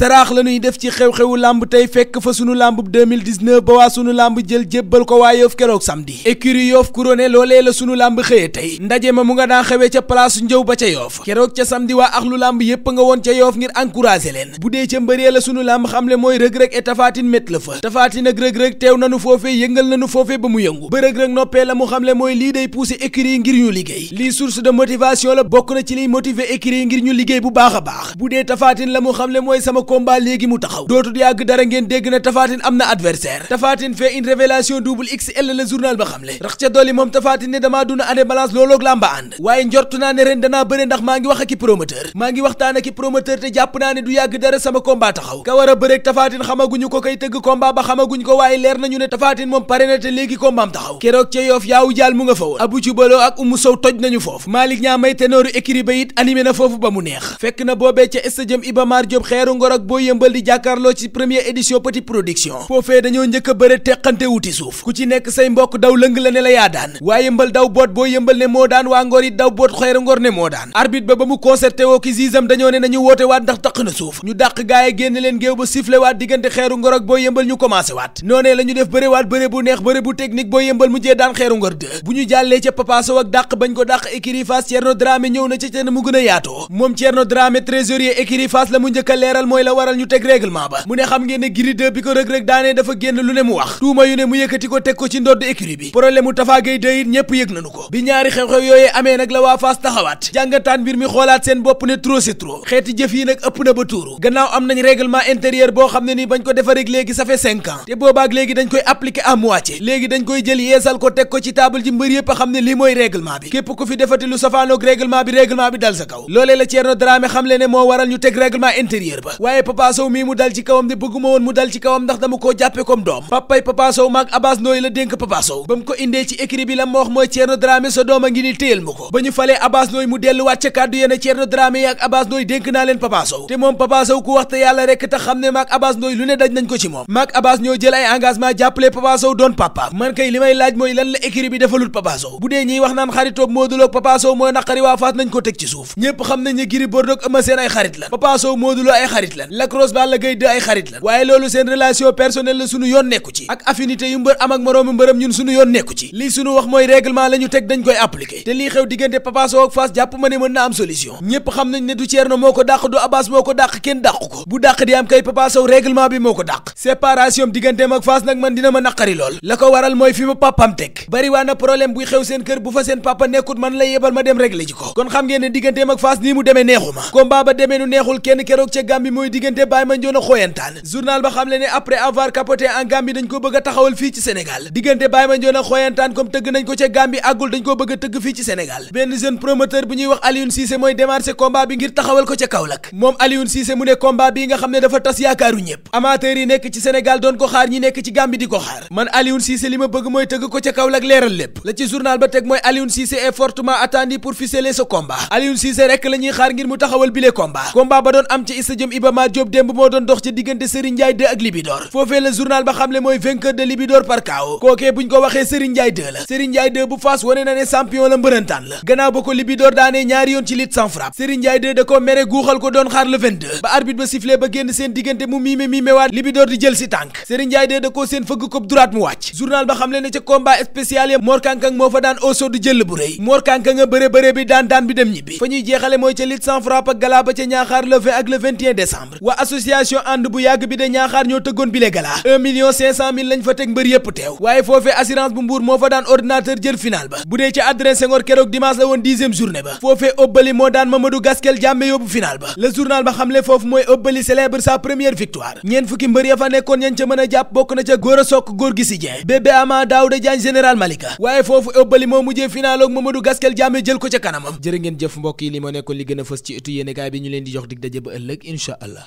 saraax la ñuy def ci xew-xewu làmb tey fekk fa sunu lamb 2019 ba waa sunu lamb jël jébbal ko waa Yoff keroog samedi écurie Yoff couronné loolee la sunu lamb xëyee tey ndaje ma mu nga daan xewee ca place njëw ba ca Yoff keroog ca samedi waa axlu lamb yépp nga woon ca Yoff ngir encourager leen bu dee ca mbëree la sunu lamb xamle mooy rëg-rëg et tafaatin mét la fa tafaatin ak rëg-rëg teew nanu foofee yëngal nanu foofee ba mu yëngu ba rëg-rëg noppee la mu xamle mooy lii day pousser écurie yi ngir bu baax baax bu dee tafaatin mooy sama combat léegi mu taxaw dootul yàgg dara ngeen dégg na tafaatin am na adversaire tafaatin fait une révélation double XL la journal ba xamle rax ca dolli moom tafaatin ne damaa duna ane balance looloog làmba ànd waaye njortu naa ne ren danaa bëre ndax maa ngi wax ak i promoteur maa ngi waxtaan ak i promoteur te jàpp naa ne du yàgg dara sama combat taxaw ka war a bëreeg tafaatin xamaguñu ko koy tëgg combat ba xamaguñ ko waaye leer nañu ne tafaatin moom na te léegi combaam taxaw ak booy yëmbal di jàkkaarloo ci première édition petit production foofee dañoo njëkk a bëre teqante wuti suuf ku ci nekk say mbokk daw lëng la ne la yaa daan waa yëmbal daw boot booy yëmbal ne moo daan waa ngor it daw boot xeeru ngor ne moo daan arbitre ba ba mu concerté woo ki zizam dañoo ne nañu woote waat ndax taq na suuf ñu dàq gaay génn leen géew ba sifflé waat diggante xeeru ngor ak booy yëmbal ñu commencé waat noonee la ñu def bëre waat bëre bu neex bëre bu technique booy yëmbal mujjee daan xeeru ko dàq écurie na ca ca mu a yaatoo moom Thierno Dramé trésorier écurie Fass mooy la waral ñu teg règlement ba mu ne xam ngeen ne Gris 2 bi ko rëg-rëg daanee dafa génn lu ne mu wax tuuma yu ne mu yëkkati ko teg ko ci ndodd écurie bi problème mu Tapha Gueye 2 ñépp yëg nañu ko bi ñaari xew-xew yooyee amee nag la waa Fass taxawaat jàngataan mbir mi xoolaat seen bopp ne trop c'est trop xeeti jëf yi nag ëpp na ba tuuru gannaaw am nañ règlement intérieur boo xam ne ni bañ ko defaree léegi ça cinq ans te boobaak léegi dañ koy appliquer à a xam ne lii mooy règlement bi képp ku fi defati lu waaye mii mu dal ci kawam de bëgguma woon mu dal ci kawam ndax dama koo jàppe comme doom papay Papa Sow maag la dénk Papa ba mu ko indee ci écrit bi la ma wax mooy Thierno sa doom a ngi ni téyel ma ko ba ñu falee Abbas Ndoye mu delluwaat ca kàddu yéen Thierno Dramé yaag Abbas Ndoye dénk naa leen Papa te moom Papa Sow ku waxte yàlla rekk tax xam ne maag Abbas Ndoye lu ne daj nañ ko ci moom maag Abbas ñoo jël ay engagement la Lac Rose Balla Gaye 2 ay xarit la waaye loolu seen relation personnelle la sunu yoon nekku ci ak affinité yu mbër am ak moroomu mbërëm ñun sunu yoon nekku ci lii sunu wax mooy règlement la teg dañ koy appliquer te lii xew diggante Papa ak Fass jàpp ma ne mën na am solution ñépp xam nañ ne du Thierno moo ko dàq du Abbas moo ko dàq kenn dàq ko bu dàq di am kay Papa Sow bi moo ko dàq séparation digganteem ak Fass nag man dina ma naqari diggante Baye Mandione a xooyantaan journal ba xam le ne après avoir capoté en Gambie dañ ko bëgg taxawal fii ci Sénégal diggante Baye Mandione a xooyantaan comme tëgg nañ ko ca Gambie àggul dañ ko bëgg a tëgg fii ci Sénégal benn jeune promoteur bu ñuy wax Alioune Cissé mooy démarché combat bi ngir taxawal ko ca Kaolack moom Alioune Cissé mu ne combat bi nga xam ne dafa tas yaakaaru ñëpp amateurs yi nekk ci Sénégal doon ko xaar ñi nekk ci Gambie di ko xaar Ibrahima démb moo doon dox ci diggante Serigne Ndiaye 2 ak Libidor foofee journal ba xamle mooy vainqueur de Libidor par KO kookee buñ ko waxee Serigne Ndiaye 2 la Serigne Ndiaye 2 bu Fass wane na ne champion la mbërëntaan la gannaaw ba ko Libidor daanee ñaari yoon ci lit sans frappe Serigne Ndiaye 2 da ko mere guuxal ko doon xaar le 22 ba arbitre ba sifflé ba génn seen diggante mu miime miimewaat Libidor di jël si tànk Serigne Ndiaye 2 da koo seen fëgg waa association ànd bu yàgg bi de ñaaxaar ñoo tëggoon bile gala 1 million 500 mille lañ fa teg mbër yépp teew waaye foofee assurance bu mbuur moo fa daan ordinateur jël final ba bu dee ci Adrien Senghor keroog dimanche la woon dixième journée ba foofee ëbbali moo daan Mamadou Gaskel jàmme yóbbu final ba le journal ba xamle foofu mooy ëbbali célèbre sa première victoire ñeen fukki mbër ya fa nekkoon ñañ ca mën a jàpp bokk na ca góor a sokk foofu ëbbali moo mujjee final ko ca kanamam a fës ci ëttu yéenekaay bi leen di jox dig daje ba